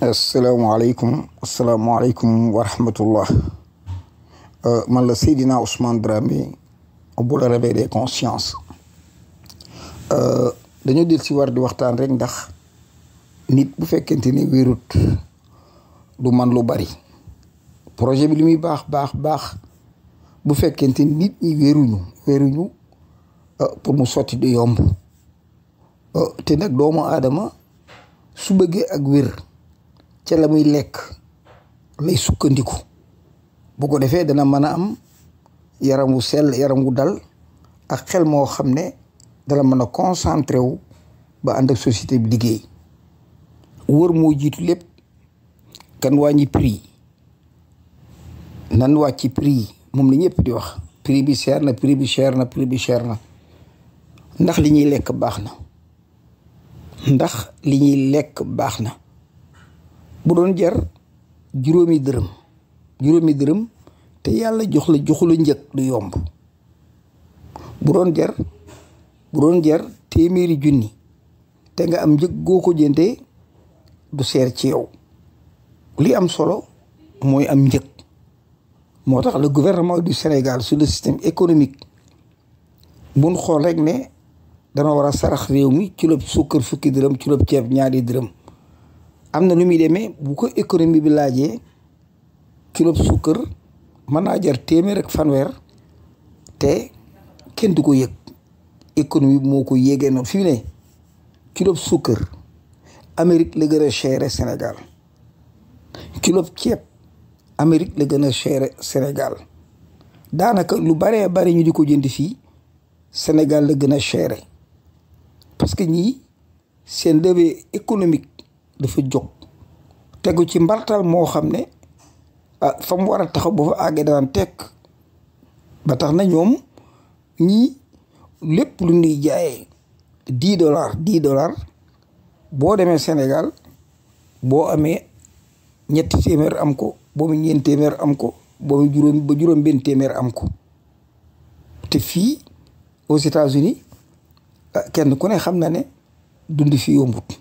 asalaamaaleykum asalaamaaleykum wa rahmatullah euh, man la Seydina Ousmane Dramé bu la réveil des consciences euh, dañoo del si war di waxtaan rek ndax nit bu fekkente ni wérut du man lu bari projet bi li muy baax baax baax bu fekkente nit ñi wéruñu wéruñu euh, pour mu sotti du yomb te nag doomu aadama su bëggee ak wér ca la muy lekk lay sukkandiku bu ko defee dana mën a am yaram wu sell yaram wu dal ak xel moo xam ne dana mën a concentré wu ba ànd ak société bi liggéey wër moo jiitu lépp kan wàññi prix nan wàcci prix moom la ñëpp di wax prix bi cher na prix bi cher na prix na ndax li ñuy lekk baax na ndax li ñuy lekk baax na bu doon jar juróomi dërëm juróomi dërëm te yàlla jox la joxu la njëg du yomb bu doon jar bu doon jar téeméeri junni te nga am njëg goo ko jëndee du seer ci yow li am solo mooy am njëg moo tax le gouvernement du Sénégal sur le système économique buñ xool rek ne dana war a sarax réew mi ci lob sukkar fukki dërëm ci lob ceeb ñaari dërëm am na nu muy demee bu ko économie bi laajee kilo sukkër mën naa jar téeméer fanweer te kenn du ko yëg économie bi moo ko yéegee noonu fi ne kilo sukkër Amérique la gën a cher Sénégal kilo ceeb Amérique la gën a cher Sénégal daanaka lu baree bari ñu di ko jënd fii Sénégal la gën a cher parce que ñii seen levée économique. dafa jog tegu ci mbartal moo xam ne ah fa mu war a taxaw fa àggee danaan tekk ba tax na ñoom ñii lépp lu ñuy jaayee dix dollars dix dollars boo demee senegal boo amee ñetti téeméer am ko boobu ñeent téeméer am ko boobu juróom am ko te fii aux États-Unis ah, kenn ku ne xam na ne dund fi yombut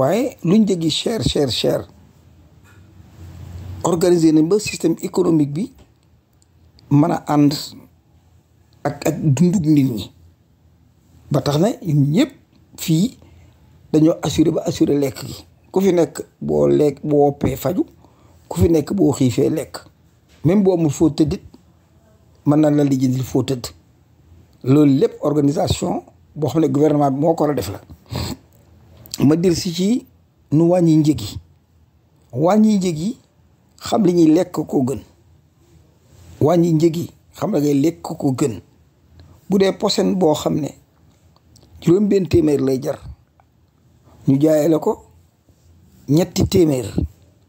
waaye lu njëg yi cher cher cher organiser nañ ba système économique bi mën a ànd ak ak dundug nit ñi ba tax na ñun ñëpp fii dañoo assuré ba assuré lekk gi ku fi nekk boo lekk boo woppee faju ku fi nekk boo xiifee lekk même boo amul foo tëddit mën na la lijjantil foo tëdd loolu lépp organisation boo xam ne gouvernement bi moo ko war a def la ma dir si ci nu wàññi njëg yi wàññi njëg yi xam li ñuy lekk gën wàññi njëg yi xam la ngay lekk ko gën bu dee posen boo xam ne juróom benn téeméer lay jar ñu jaayee la ko ñetti téeméer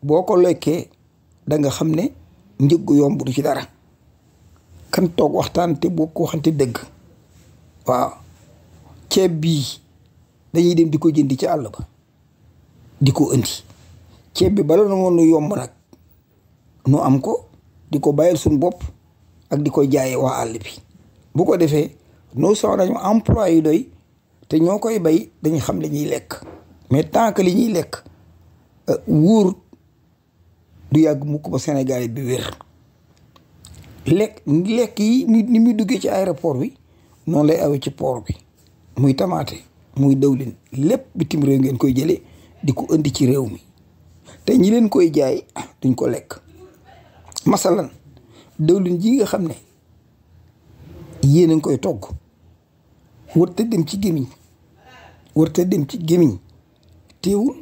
boo ko lekkee da nga xam ne njëg gu yomb du ci dara kan toog waxtaan te boo ko waxante dëgg waaw ceeb bii dañuy dem di ko jënd ci àll ba di ko indi ceeb bi bala na moon nu yomb nag nu am ko di ko bàyyil suñu bopp ak di koy jaayee waa àll bi bu ko defee non seulement dañu emploi yi doy te ñoo koy bay dañu xam li lekk mais tant que li ñuy lekk euh, wóor du yàgg mukk ba Sénégal bi wér lekk lekk yi ni muy duggee ci aéroport wi noonu lay awee ci poor bi muy tamaate muy dawlin lépp bitim réew ngeen koy jële di ko indi ci réew mi te ñi leen koy jaay duñ ko lekk masalan dawlin ji nga xam ne yéen a koy togg wërta dem ci gémmiñ wërta ci gémiñ teewul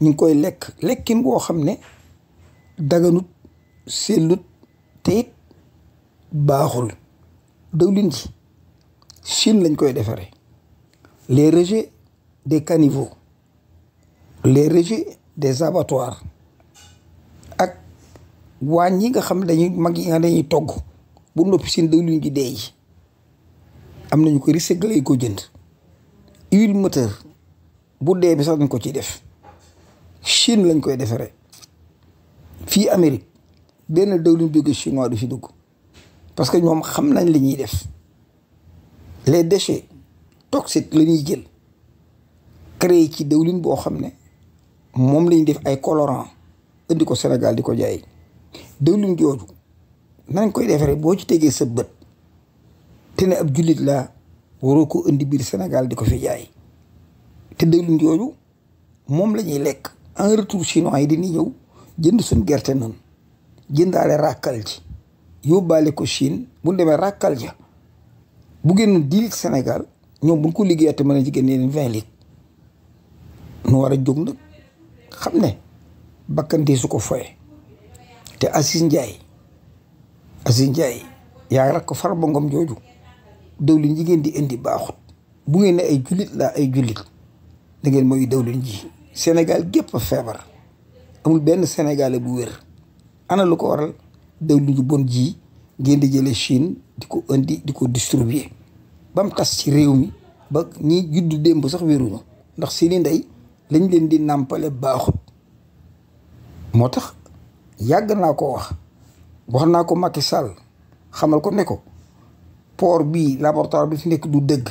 ñu ngi koy lekk lekkin woo xam ne daganut sellut te baaxul dawlin ji Chine lañ koy defaree les rejets des caniveaux les rejets des abattoirs ak waañ yi nga xam dañuy mag yi nga dañuy togg bu noppi seen diwlin ji dee yi am nañu ko recycler ko jënd huile moteur bu dee bi sax dañ ko ci def Chine lañ koy defaree fii Amérique benn diwlin jóge chinois du si dugg parce que ñoom xam nañ li ñuy def les déchets toxique la ñuy jël créé ci dëwlin boo xam ne moom lañuy def ay colorant indi ko Sénégal di ko jaay dëwlin jooju nañ koy defaree boo ci tegee sa bët te ne ab jullit la waroo ko indi biir Sénégal di ko fi jaay te dëwlin jooju moom la ñuy lekk en retour chinois yi dañuy ñëw jënd suñ gerte noonu jëndaale ràkkal ji yóbbaale ko Chine bu demee ràkkal ja bu génn diil Sénégal ñoom bu ñu ko liggéeyaat mën a jigéen yeneen vingt litres nu war a jóg nag xam ne bakkante su ko foye te Aziz Ndiaye Aziz Ndiaye yaa rakk Farba Ngom jooju dawlin ji ngeen di indi baaxut bu ngeen ay jullit laa ay jullit da ngeen mooy dawlin ji Sénégal gépp a feebar amul benn Sénégalais bu wér ana lu ko waral dawlin ju bon ji ngeen di jële Chine di ko indi di ko distribuer ba mu tas ci réew mi ba ñi juddu démb sax wéruñu ndax seeni ndey lañ leen di nàmpale baaxut moo tax yàgg naa ko wax wax naa ko Macky Sall xamal ko ne ko port bii laboratoire bi fi nekk du dëgg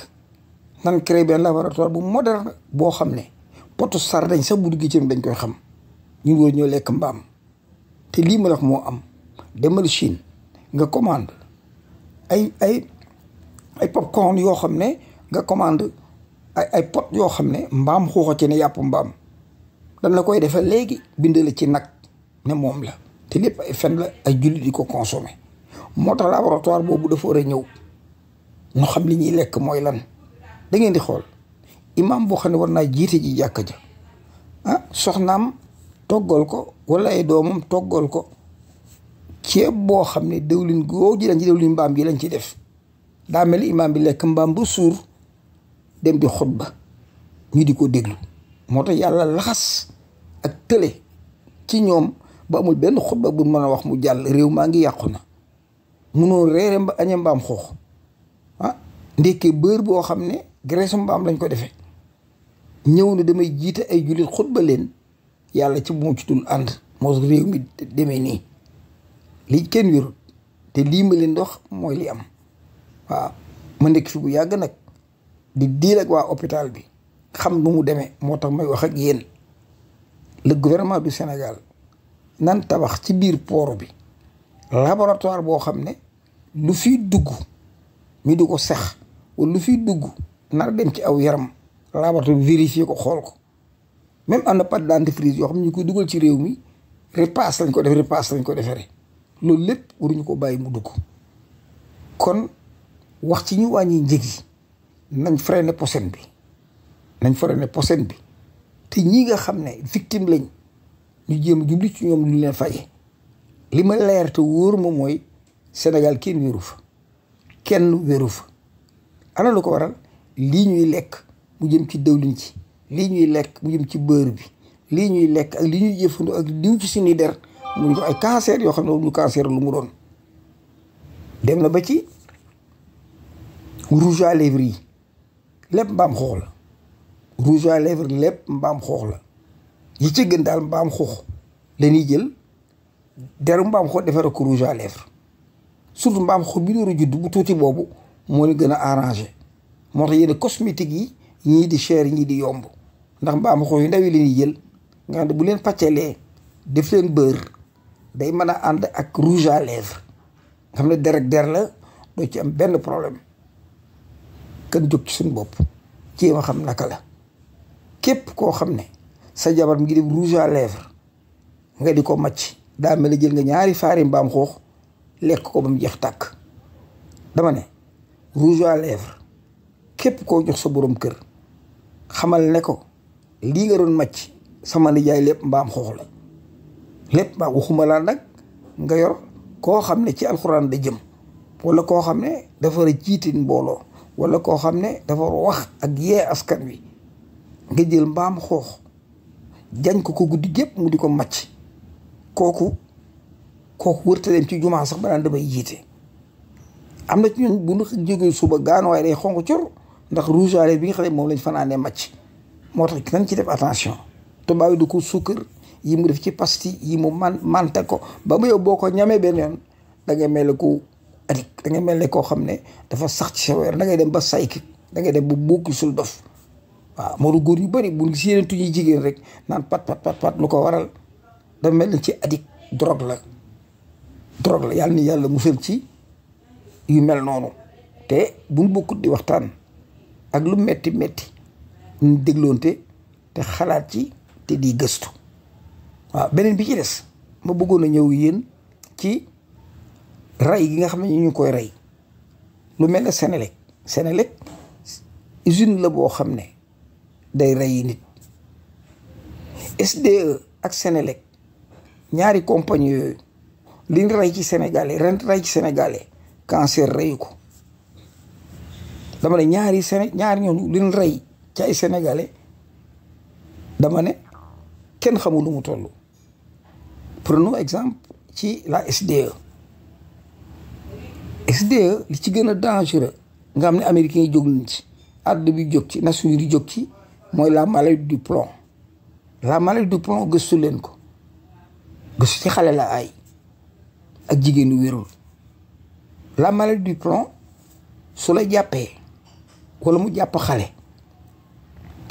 nan créé benn laboratoire bu moderne boo xam ne potu sar dañ sax bu duggee ci dañ koy xam ñu war ñoo lekk mbaam te lii ma la moo am demal Chine nga commande ay ay ay popcorn yoo xam ne nga commande ay ay pot yoo xam ne mbaam xuuxa ci ne yàpp mbaam dañ la koy defee léegi bind la ci nag ne moom la te lépp ay fen la ay julli yi ko consommé moo tax laboratoire boobu dafa war a ñëw noo xam li ñuy lekk mooy lan dangeen di xool imam boo xam ne war naa jiite ji jàkka ja ah soxnaam toggal ko wala ay doomam toggal ko ceeb boo xam ne dëwlin googu ji lañ ci dëwlin mbaam ji lañ ci def daa mel imaam bi lekk mbaam ba suur dem di xutba ñu di ko déglu moo tax yàlla laxas ak tële ci ñoom ba amul benn xutba bu mën a wax mu jàll réew maa ngi yàqu na munoo reere mba añee mbaam xoox ah ndekkee bër boo xam ne graisse mbaam lañ ko defe ñëw na damay jiite ay jullit xutba leen yàlla ci bu mu ci dul ànd moo réew mi demee nii li kenn wérut te lii ma leen dox mooy li am waaw ma nekk fi bu yàgg nag di diir ak waa hôpital bi xam nu mu demee moo tax may wax ak yéen le gouvernement du Sénégal nan tabax ci biir port bi laboratoire boo xam ne lu fiy dugg ñu di ko sex wala lu fiy dugg nar dem ci aw yaram laboratoire bi vérifier ko xool ko même am na pâte dentifrice yoo xam ne ñu koy dugal ci réew mi repasse lañ ko def repasse lañ ko deferee loolu lépp waruñu ko bàyyi mu dugg kon wax ci ñu wàññi njëg yi nañ freiné posen bi nañ freiné posen bi te ñi nga xam ne victime lañ ñu jéem jubli ci ñoom lu leen faje li ma leer wóor ma mooy Sénégal kenn wéeru fa kenn wéeru fa ana lu ko waral lii ñuy lekk mu jëm ci dëwlin ci lii ñuy lekk mu jëm ci beurre bi lii ñuy lekk ak li ñuy jëfandoo ak diw ci suñuy der mu ñu ko ay cancer yoo xam ne lu cancer lu mu doon dem na ba ci rouge à lèvres yi lépp mbaam xuux la rouge à lèvres lépp mbaam xoox la yi ci gën daal mbaam xuux la ñuy jël deru mbaam xuux defar ko rouge à lèvres surtout mbaam xuux bi door a bu tuuti boobu moo leen gën a arrangé moo tax yenn cosmétique yi ñii di cher ñii di yomb ndax mbaam xuux yu ndaw yi la ñuy jël nga xam ne bu leen pàccelee def leen beurre day mën a ànd ak rouge à lèvres nga xam ne der der la doo ci am benn problème kan jóg ci suñu bopp jéem a xam naka la képp koo xam ne sa jabar mu ngi def rouge à nga di ko macc daa mel ne jël nga ñaari faari mbaam xoox lekk ko ba mu jeex tàkk dama ne rouge à képp koo jox sa boroom kër xamal ne ko lii nga doon màcc sama nijaay lépp mbaam xoox la lépp mbaam waxuma laa nag nga yor koo xam ne ci alxuraan da jëm wala koo xam ne dafa jiite mbooloo wala koo xam ne dafa wax ak yee askan wi nga jël mbaam xoox jañ ko ko guddi gépp mu di ko màcc kooku kooku wërta dem ci jumaa sax banaan damay jiite am na ci ñun bu ñu jógee suba gaanuwaay day xonq cor ndax rouge à lèvres bi nga xam ne moom lañ fanaanee màcc moo tax nañ ci def attention tubaab yi ko sukkar yi mu def ci pasti yi mu man mante ko ba mu yow boo ko ñamee benn yoon da nga mel ko adik da ngay mel ne koo xam ne dafa sax ci sa weer da ngay dem ba psychique da ngay dem bu bokki sul dof waaw moo góor yu bari bu si yeneen tuñuy jigéen rek naan pat pat pat pat lu ko waral da mel ni ci adik drogue la drogue la yàlla ni yàlla musal ci yu mel noonu te buñ bokkut di waxtaan ak lu metti metti ñu dégloonte te xalaat ci te di gëstu waaw beneen bi ci des ma bëggoon ñëw yéen ci ray gi nga xam ne ñu ngi koy rey lu mel ne senelek Senelec usine la boo xam ne day rey nit SDE ak senelek ñaari compagnie yooyu liñ rey ci sénégalais ren rey ci sénégalais cancer reyu ko dama ne ñaari séné ñaari ñoom liñ rey ci ay dama ne kenn xamul lu mu toll prenons exemple ci la SDE SDE li ci gën a dangereux nga xam ne américains yi jóg nañ ci add bi jóg ci Nations Unies jóg ci mooy la maladie du plomb la maladie du plomb gëstu leen ko gëstu ci xale la ay ak jigéenu wérul la maladie du plomb su la jàppee wala mu jàpp xale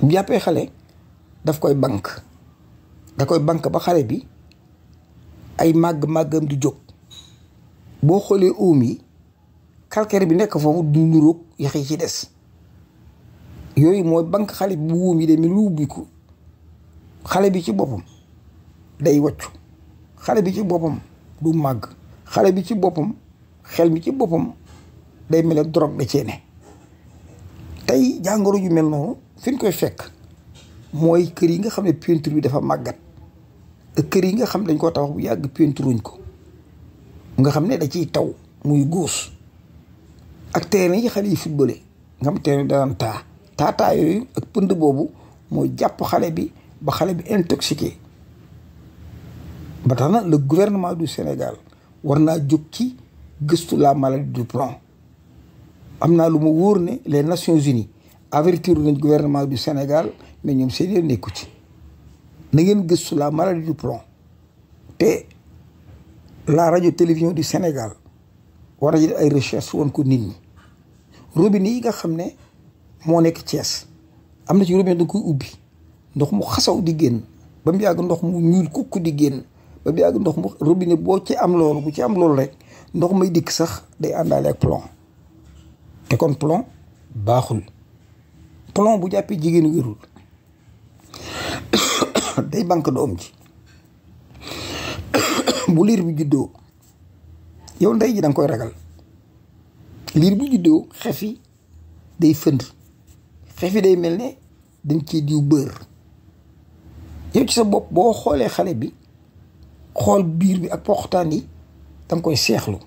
bu jàppee xale daf koy bank da koy bank ba xale bi ay màgg-màggam di jóg boo xoolee óom yi calcaire bi nekk foofu du nuróog yax yi ci des yooyu mooy banque xale bi bu wóom yi demee lu ubbi ko xale bi ci boppam day waccu xale bi ci boppam du màgg xale bi ci boppam xel mi ci boppam day mel ne drogue da tey jàngoro ju mel noonu fi ñu koy fekk mooy kër yi nga xam ne peinture bi dafa màggat kër yi nga xam dañ koo tabax bu yàgg peinturuñ ko nga xam ne da ciy taw muy góos ak terrain yi xale yi footballé nga xam terrain danaan taa taataa yooyu ak pënd boobu moo jàpp xale bi ba xale bi intoxiqué ba tax na le gouvernement du Sénégal war naa jóg ci gëstu la maladie du plomb am naa lu ma wóor ne les Nations Unies avertir nañ gouvernement du Sénégal mais ñoom seen nekku ci na ngeen gëstu la maladie du plomb te la radio télévision du Sénégal war a jël ay recherche woon ko nit ñi robinet yi nga xam ne moo nekk Thiès am na ci robinet da koy ubbi ndox mu xasaw di génn ba mu yàgg ndox mu ñuul kukk di génn ba mu yàgg ndox mu robinet boo ci am loolu bu ci am loolu rek ndox may dikk sax day àndaale ak plomb te kon baaxul plomb bu jàppee jigéenu wérul day banque doom ji bu liir bi juddoo yow ndey ji danga koy ragal liir bu juddoo xef yi day fënd xef yi day mel ne dañ ciy diw bër yow ci sa bopp boo xoolee xale bi xool biir bi ak poxtaan yi danga koy seexlu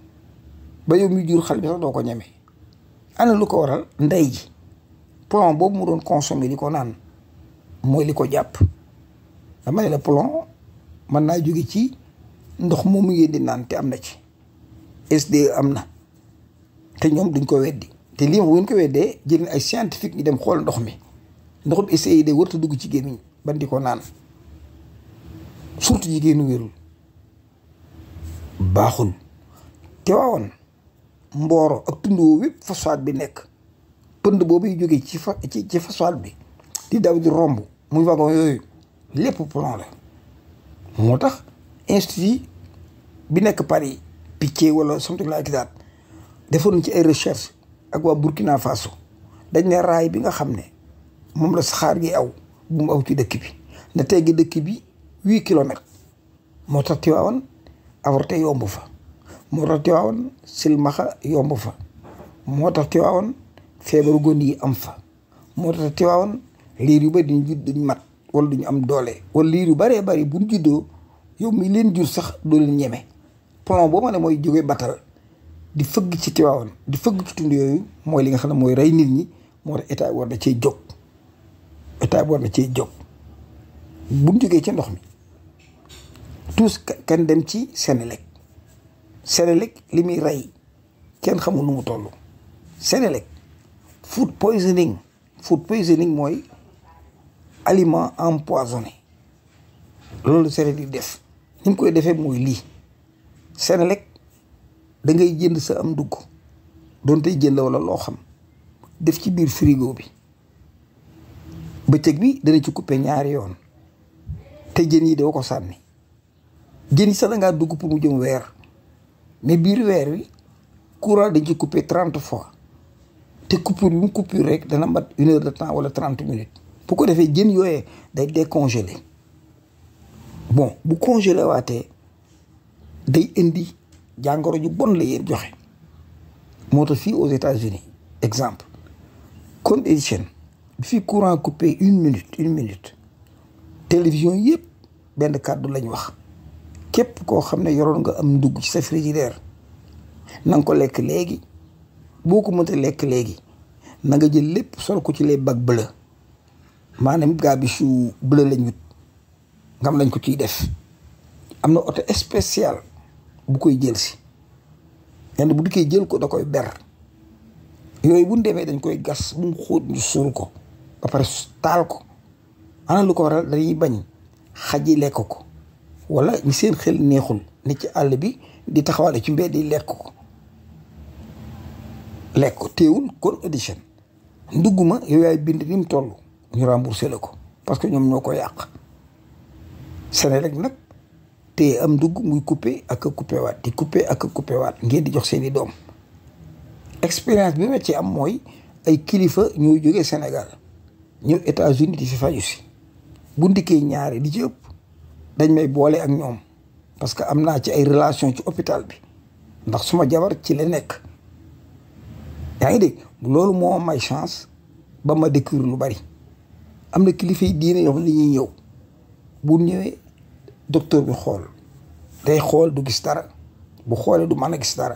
ba yow mi jur xale bi sax doo ko ñeme ana lu ko waral ndey ji plomb boobu mu doon consommer di ko naan mooy li ko jàpp dama ne la plomb mën naa jóge ci ndox moomu ngeen di naan te am na ci SD am na te ñoom duñ ko weddi te lii moom bu ñu ko weddee jël ay scientifique ñu dem xool ndox mi ndoxum essayé de warta dugg ci gémmiñ ban di ko naan surtout jigéenu wérul baaxul te waawoon mbooro ak tund woo wépp phosphate bi nekk pënd boobu yu jógee ci fa ci ci phosphate bi di daw di romb muy wagon yooyu lépp plomb la moo tax institut bi nekk Paris Piquet wala something like that defoon ci ay recherche ak waa Burkina Faso dañ ne raay bi nga xam ne moom la saxaar gi aw bu mu aw ci dëkk bi na teggi dëkk bi huit kilomètres moo tax Tiwaawan avorté yomb fa moo tax Tiwaawan silmaxa yomb fa moo tax Tiwaawan feebaru gone yi am fa moo tax Tiwaawan liir yu bari duñ judd duñ mat wala duñu am doole wala liir yu baree bari buñ juddoo yow mi leen jur sax doo leen ñeme plomb boo ma ne mooy jóge batal di fëgg ci Tiwaawan di fëgg ci tund yooyu mooy li nga xam ne mooy rey nit ñi moo tax état war na cee jóg état war na ci jóg bu ñu jógee ci ndox mi tous kan dem ci Sénélec Sénélec li muy rey kenn xamul nu mu toll Sénélec food poisoning food poisoning mooy aliment empoisonné loolu Sénélec di def ni mu koy defee mooy lii Sénélec da ngay jënd sa am dugg doonte jënd wala loo xam def ci biir frigo bi bëccëg bi dana ci coupe ñaari yoon te jën yi doo ko sànni jën yi sax da dugg pour mu jëm weer mais biir weer wi courant dañ ci coupe trent fois te coupure bi mu coupure rek dana mat une heure temps wala trente minutes bu ko defee jën yooyee day décongelé bon bu congelé waatee day indi jàngoro ju bon la yéen joxe moo tax fii aux États-Unis exemple kon Edison bi fi courant coupé une minute une minute télévision yëpp benn kàddu lañ wax képp koo xam ne yoroon nga am ndugg ci sa frigidaire nanga ko lekk léegi boo ko mënta lekk léegi na nga jël lépp sol ko ci les bacs bleus maanaam gaa bi su bleu lañ wut ngam lañ ko ciy def am na oto spécial bu koy jël si nee bu dikkee jël ko da koy ber yooyu bu ñu demee dañ koy gas bu mu xóot ñu suul ko ba taal ko ana lu ko waral dañuy bañ xaji lekk ko walla ñu seen xel neexul ne ci àll bi di taxawaale ci mbedd yi lekk ko lekk ko teewul kon audition ndugguma yow yaay bind ni mu toll ñu remboursé la ko parce que ñoom ñoo ko yàq rek nag te am dugg muy coupé ak a coupé waat di coupé ak a coupé waat ngeen di jox seeni doom expérience bi ma ci am mooy ay kilifa ñoo jógee Sénégal ñëw États-Unis di fi faju si bu ndikkee ñaari di ci ëpp dañ may boole ak ñoom parce que am naa ci ay relation ci hôpital bi ndax suma jabar ci la nekk yaa ngi dégg loolu moo may chance ba ma découvrir lu bari am na kilifa yi diine yoo xam ne bu ñëwee docteur bi xool day xool du gis dara bu xoolee du man a gis dara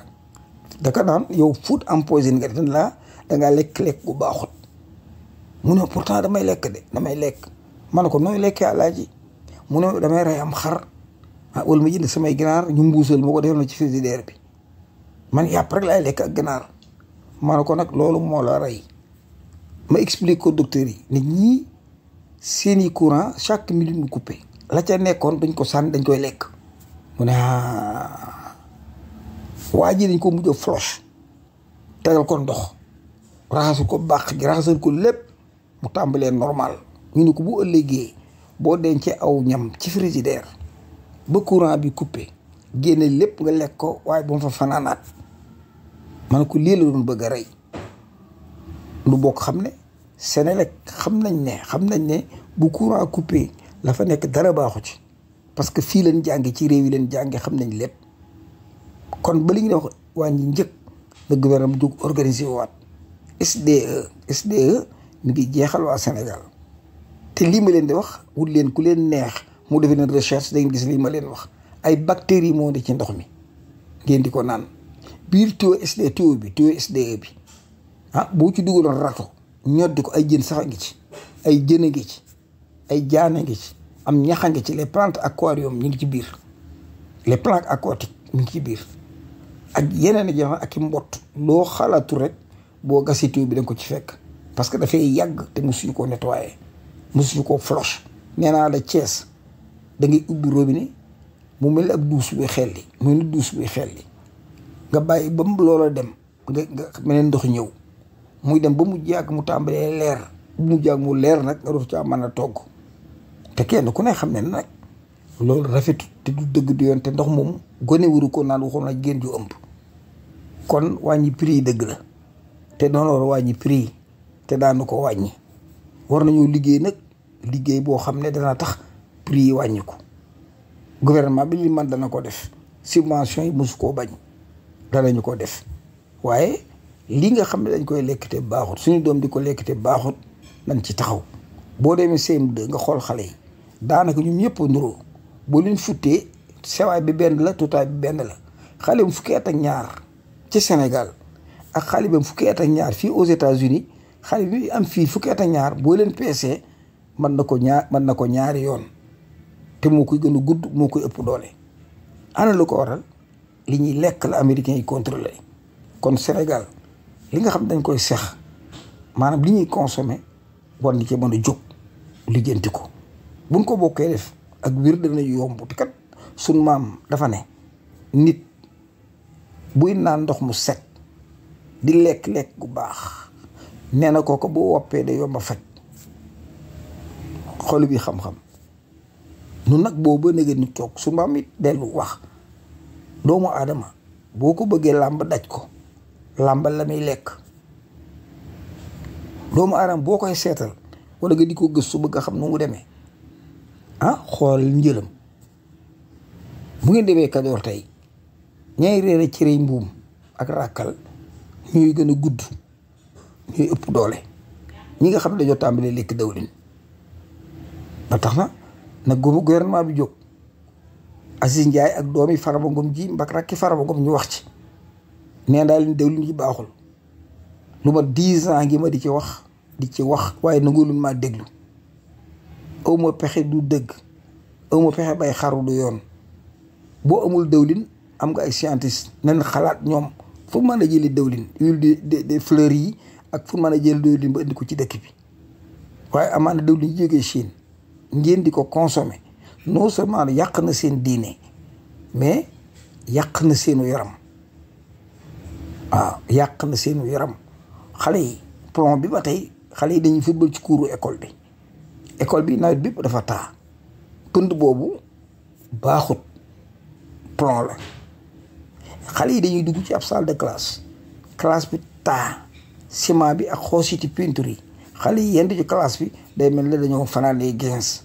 daka naan yow food empoisonné nga dañ la da ngaa lekk-lekk bu baaxut mu ne pourtant damay lekk de damay lekk ma ne ko nooy lekkee alaaji mu damay rey am xar ah wala ma jënd samay ginaar ñu mbuusal ma ko defal ma ci frigidaire bi man yàpp rek laay lekk ak ginaar ma ne ko nag loolu moo la rey ma explique ko docteur yi nit ñi seeni courant chaque minute ñu coupé la ca nekkoon duñ ko sànni dañ koy lekk mu ne ah, waa ji dañ ko mujj a floche tegal ko ndox raxasu ko bàq gi raxasal ko lépp mu tàmbalee normal ñu ne ko bu ëllëgee boo dencee aw ñam ci frigidaire ba courant bi coupé génne lépp nga lekk ko waaye bu mu fa fanaanaat man ko lii la doon bëgg a rey lu bokk xam ne Senelec xam nañ ne xam nañ ne bu courant coupé la fa nekk dara baaxu ci parce que fii leen jàngi ci réew yi leen jàngi xam nañ lépp kon ba li ñu wax wàññi njëkk le gouvernement bu jóg organisé waat SDE SDE mi ngi jeexal waa Sénégal te lii ma leen di wax wut leen ku leen neex mu defee leen recherche da gis lii ma leen wax ay bactéries moo ne ci ndox mi ngeen di ko naan biir tuyau SDE tuyau bi tuyau SDE bi ah boo ci dugaloon rato ñoddi ko ay jën sax a ngi ci ay jën a ngi ci ay jaane ngi ci am ñaxa ngi ci les plantes aquarium ñu ngi ci biir les plantes aquatiques ñu ngi ci biir ak yeneen i ak i mbott loo xalaatu rek boo gasi tuyau bi da ko ci fekk parce que dafay yàgg te musuñu koo nettoyer musuñu koo floche nee naa la Thiès dangay ngay ubbi robinet mu mel ab duus buy xelli muy ni duus buy xelli nga bàyyi ba mu loola dem nga nga meneen ndox ñëw muy dem ba mu jàgg mu tàmbalee leer bu mu jàgg mu leer nag nga dootu caa mën a togg te kenn ku ne xam ne nag loolu rafetut te du dëgg du yoon te ndox moom gone wuru ko naan waxoon nag génn ju ëmb kon wàññi prix yi dëgg la te doon war wàññi prix yi te daanu ko wàññi war nañoo liggéey nag liggéey boo xam ne dana tax prix yi wàññi ko gouvernement bi li man dana ko def subvention yi mosu koo bañ danañu ko def waaye lii nga xam ne dañ koy lekk te baaxut suñu doom di ko lekk te baaxut nañ ci taxaw boo demee CM2 nga xool xale yi daanaka ñun ñëpp nuroo boo leen futtee sewaay bi benn la tutaay bi benn la xale bu fukki at ñaar ci Sénégal ak xale bi fukki at fii aux états xale bi am fii fukki at ñaar boo leen peesee mën na ko mën na ko ñaari yoon te moo koy gën a gudd moo koy ëpp doole. ana lu ko waral li ñuy lekk la américains yi contrôlé kon Sénégal li nga xam dañ koy seex maanaam li ñuy consommé war nañ cee mën a jóg lijjanti ko. buñ ko bokkee def ak wér dana yomb te kat sunu maam dafa ne nit buy naan ndox mu set di lekk-lekk gu baax nee na ko ko boo woppee da yomb a faj xol bi xam-xam nun nag boo ba nega nit toog su maam it dellu wax doomu aadama boo ko bëggee làmb daj ko làmbal la muy lekk doomu aadama boo koy seetal wala nga di ko su bëgg a xam nu mu demee Ah, xool njëlam bu ngeen demee Kajoor tey ñay reere cere mbuum ak ràkkal ñuy gën a gudd ñuy ëpp doole ñi nga xam ne dañoo tàmbalee lekk dawlin ba tax na nag góobu gouvernement bi jóg Aziz Ndiaye ak doomi Farba Ngom ji mbak rakki Farba Ngom ñu wax ci neen daal leen dawlin ji baaxul lu ma dix ans ngi ma di ci wax di ci wax waaye nangu luñ maa déglu awma pexe du dëgg awma pexe bay xaru du yoon boo amul dëwlin am nga ay scientiste nañ xalaat ñoom fu mën a jëli dëwlin huile de de fleurs yi ak fu mën a jël dëwlin ba indi ko ci dëkk bi waaye na dëwlin yi jógee Chine ngeen di ko consommer non seulement yàq na seen diine mais yàq na seenu yaram waaw yàq na seenu yaram xale yi plomb bi ba tey xale yi dañuy football ci kuuru école bi école bi nawet bépp dafa taa pënd boobu baaxut plomb la xale yi dañuy dugg ci ab salle de classe classe bi taa ciment bi ak xoositi peinture yi xale yi yendu ci classe bi day mel ne dañoo fanaanee gens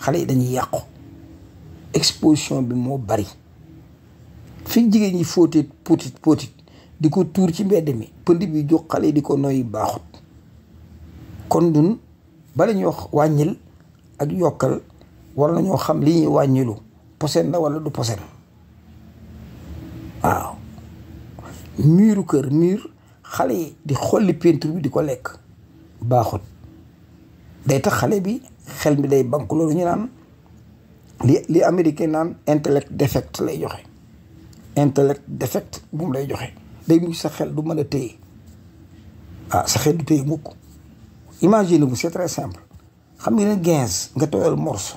xale yi dañuy yàqu exposition bi moo bari fi jigéen ñi fóotit póotit póotit di ko tuur ci mbedd mi pënd bi jóg xale yi di ko noyyi baaxut kon dun bala ñuy wax wàññil ak yokkal war nañoo xam li ñuy wàññilu posen la wala du posen waaw miiru kër miir xale yi di xolli peinture bi di ko lekk baaxut day tax xale bi xel mi day bank loolu ñu naan li li américain naan intellect defect lay joxe intellect defect moom lay joxe day mujj sa xel du mën a téye ah sa xel du téye mukk Imaginez-vous, c'est très simple xam nga ne gens nga tooyal morso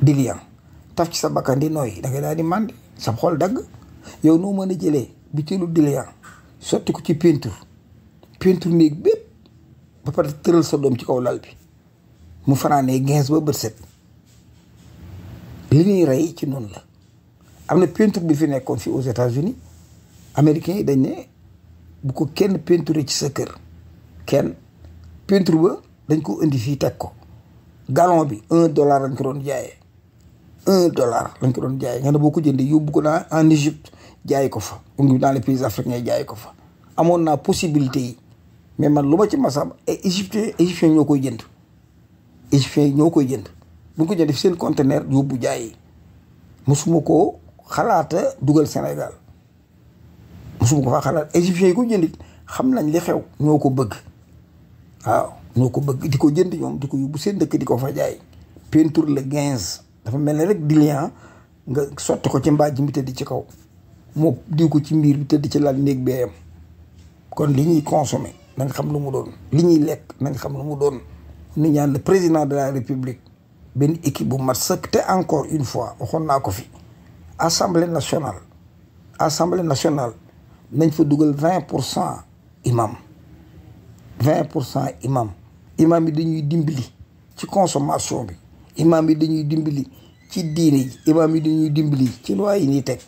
di taf ci sa bakkan di nooy da daal di màndi sa xol dagg yow noo mën a jëlee butéelu di liyan sotti ko ci peinture peinture néeg bépp ba pare tëral sa doom ci kaw lal bi mu fanaanee gens ba bët set li ñuy rey ci noonu la am na peinture bi fi nekkoon fii aux États-Unis américains yi dañ ne bu ko kenn peinturé ci sa kër kenn peinture ba dañ ko indi fii teg ko gallon bi un dollar lañ ko doon jaaye un dollar lañ ko doon jaaye nga ne boo ko jëndee yóbbu ko naa en Égypte jaay ko fa ungi dans les pays africains jaay ko fa amoon naa possibilité yi mais man lu ma ci masam ay égyptien égyptien ñoo koy jënd égyptien ñoo koy jënd bu ko jëndee fi seen conteneur yóbbu jaayi mosuma ko xalaata dugal Sénégal mosuma ko faa xalaat égyptien yi ko jëndit xam nañ li xew ñoo ko bëgg waaw ñoo ko bëgg di ko jënd ñoom di ko yóbbu seen dëkk di ko fa jaay le quinze dafa mel ne rek diluant nga sotti ko ci mbaaj mi tëdd ci kaw moo diw ko ci mbiir bi tëdd ci lal néeg bee kon li ñuy consommer na xam lu mu doon li ñuy lekk na nga xam lu mu doon nu ñaan le président de la république benn équipe bu mat sëkk te encore une fois waxoon naa ko fi assemblée nationale assemblée nationale nañ fa dugal vingt pour cent imam vingt pour cent imam imam yi dañuy dimbali ci consommation bi imam yi dañuy dimbali ci diine yi imam yi dañuy dimbili ci loi yi nii teg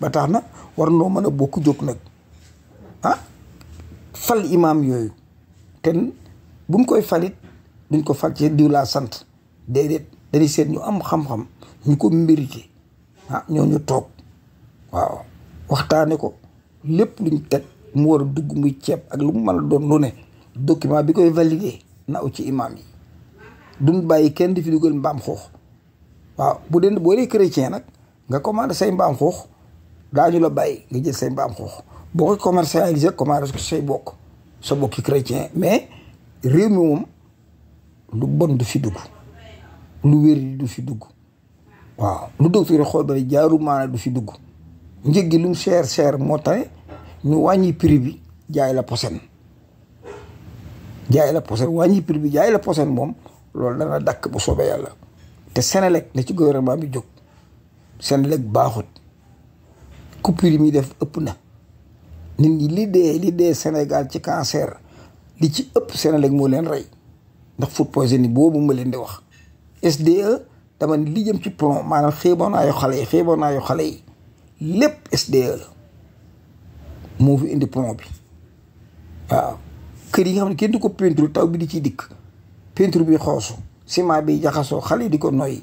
ba tax na war noo mën a bokk jóg nag ah fal imam yooyu te buñ koy falit duñ ko fal ci diw laa sant déedéet dañuy seet ñu am xam-xam ñu ko mérité ah ñooñu toog waaw waxtaane ko lépp luñ teg mu war a dugg muy ceeb ak lu mu a doon lu ne document bi koy valider na aw ci imaam yi duñ bàyyi kenn di fi dugal mbaam xuux waaw bu dee boo dee chrétien nag nga commandé say mbaam xuux ñu la bàyyi nga jël say mbaam xuux boo ko commercialisé commandé ko say bokk sa bokki chrétien mais réew mi moom lu bon du fi dugg lu wér du fi dugg waaw lu docteur xool ba jaaru maana du fi dugg njëg gi lu mu cher cher moo tax ñu wàññi prix bi jaay la posen jaay la poson wàññi prix bi jaay la poson moom loolu dana dakk bu soobee yàlla te Senelec la ci gouvernement bi jóg Senelec baaxut coupure yi muy def ëpp na nit ñi li dee li dee Sénégal ci cancer li ci ëpp Senelec moo leen rey ndax food poisoning boobu ma leen di wax SDE dama ni li jëm ci plomb maanaam xeeboon naa yu xale yi xeeboon xale yi lépp SDE la moo fi indi plomb bi waaw kër yi nga xam ne kenn du ko peinture taw bi di ciy dikk peinture bi xoosu ciment bi jaxasoo xale di ko noyyi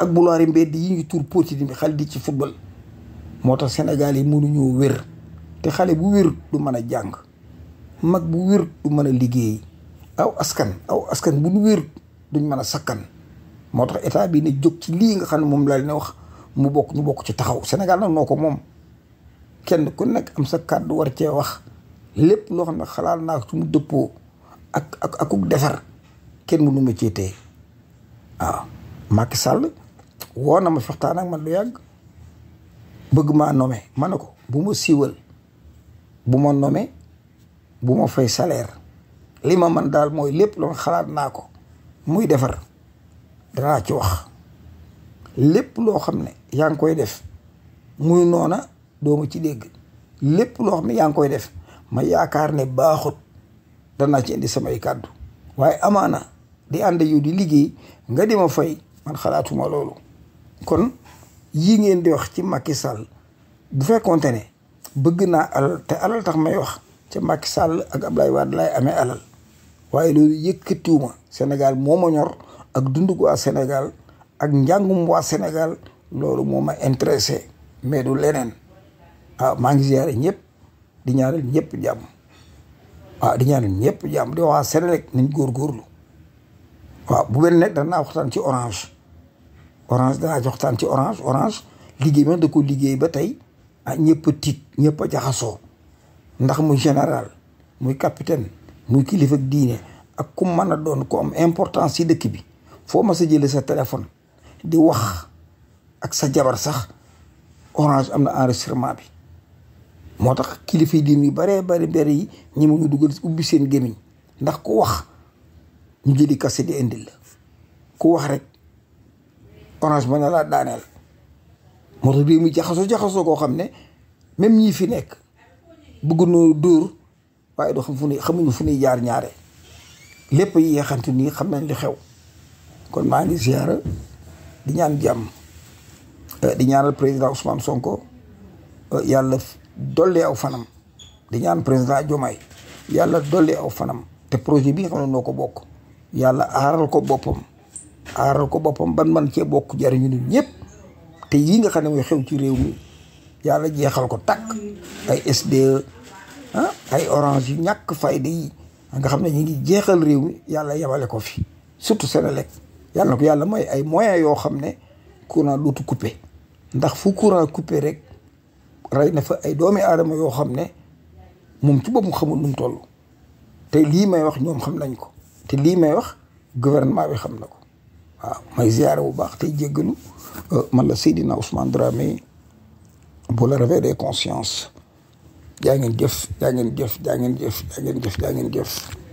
ak bulwaari mbedd yi ngi tuur poti bi xale di ci football moo tax Sénégal yi mënuñoo wér te xale bu wér du mën a jàng mag bu wér mën a liggéey aw askan aw askan bu nu wér duñ mën a sakkan moo tax état bi ne jóg ci lii nga xam ne moom laa leen wax mu bokk ñu bokk ci taxaw Sénégal nag noo ko moom kenn ku nekk am sa kàddu war cee wax lépp loo xam ne xalaat naa su mu dëppoo ak ak akuk defar kenn mënu ma cee tee waaw Macky Sall woo na ma waxtaan ak man lu yàgg bëgg maa nome ma ne ko bu ma siiwal bu ma nome bu ma fay saleer li ma man daal mooy lépp loo xalaat naa ko muy defar danaa ci wax lépp loo xam ne yaa ngi koy def muy noona doomu ci dégg lépp loo xam ne yaa ngi koy def ma yaakaar ne baaxut danaa ci indi samay kàddu waaye amaana di ànd yow di liggéey nga di ma fay man xalaatuma loolu kon yii ngeen di wax ci Macky Sall bu fekkonte ne bëgg naa alal te alal tax may wax ci Macky sàll ak Abdoulaye Wade laay amee alal waaye loolu yëkkatiwuma Sénégal moo ma ñor ak dundu waa Sénégal ak njàngum waa Sénégal loolu moo ma intéressé mais du leneen ah maa ngi ziare ñëpp di ñaanal ñëpp jàmm waaw di ñaanal ñëpp jàmm di wax waa Sénélec góor góorlu waaw bu mel ne danaa waxtaan ci orange orange danaa ci waxtaan ci orange orange liggéey man da ko liggéey ba tey ah ñëpp a tiit ñëpp a jaxasoo ndax muy général muy capitaine muy kilifa ak diine ak ku mën a doon ku am importance ci dëkk bi foo ma sa jëlee sa téléphone di wax ak sa jabar sax orange am na enregistrement bi moo tax kilifa yi diin yu baree bari yi ñi mu ñu dugal ubbi seen gémmiñ ndax ku wax ñu jëli kase di indil la ku wax rek orange mën na laa daaneel moo tax réew mi jaxasoo jaxasoo koo xam ne même ñii fi nekk bëgg noo dóor waaye doo xam fu ne xamuñu fu ne jaar ñaare lépp yi yeexante nii xam nañ li xew kon maa ngi ziara di ñaan jàmm eh, di ñaanal président Ousmane Sonko eh, yàlla dolli aw fanam di ñaan président Diomaye yàlla dolli aw fanam te projet bi nga xam ne noo ko bokk yàlla aaral ko boppam aaral ko boppam ban man cee bokk jariñu ñun ñëpp te yii nga xam ne mooy xew ci réew mi yàlla jeexal ko tàkk ay SDE ah ay orange yu ñàkk fayda yi nga xam ne ñu ngi jeexal réew mi yàlla yemale ko fi surtout seen yàlla ko yàlla mooy ay moyens yoo xam ne courant dootu coupé ndax fu courant coupé rek rey na fa ay doome aadama yoo xam ne moom ci boppam xamul nu mu toll te lii may wax ñoom xam nañ ko te lii may wax gouvernement bi xam na ko waaw may ziyaare bu baax tey jéggalu euh, man la Seydina Ousmane Dramé bu la réveil des consciences jaa ngeen jëf jaa ngeen jëf jaa jëf jaa ngeen jëf jaa ngeen jëf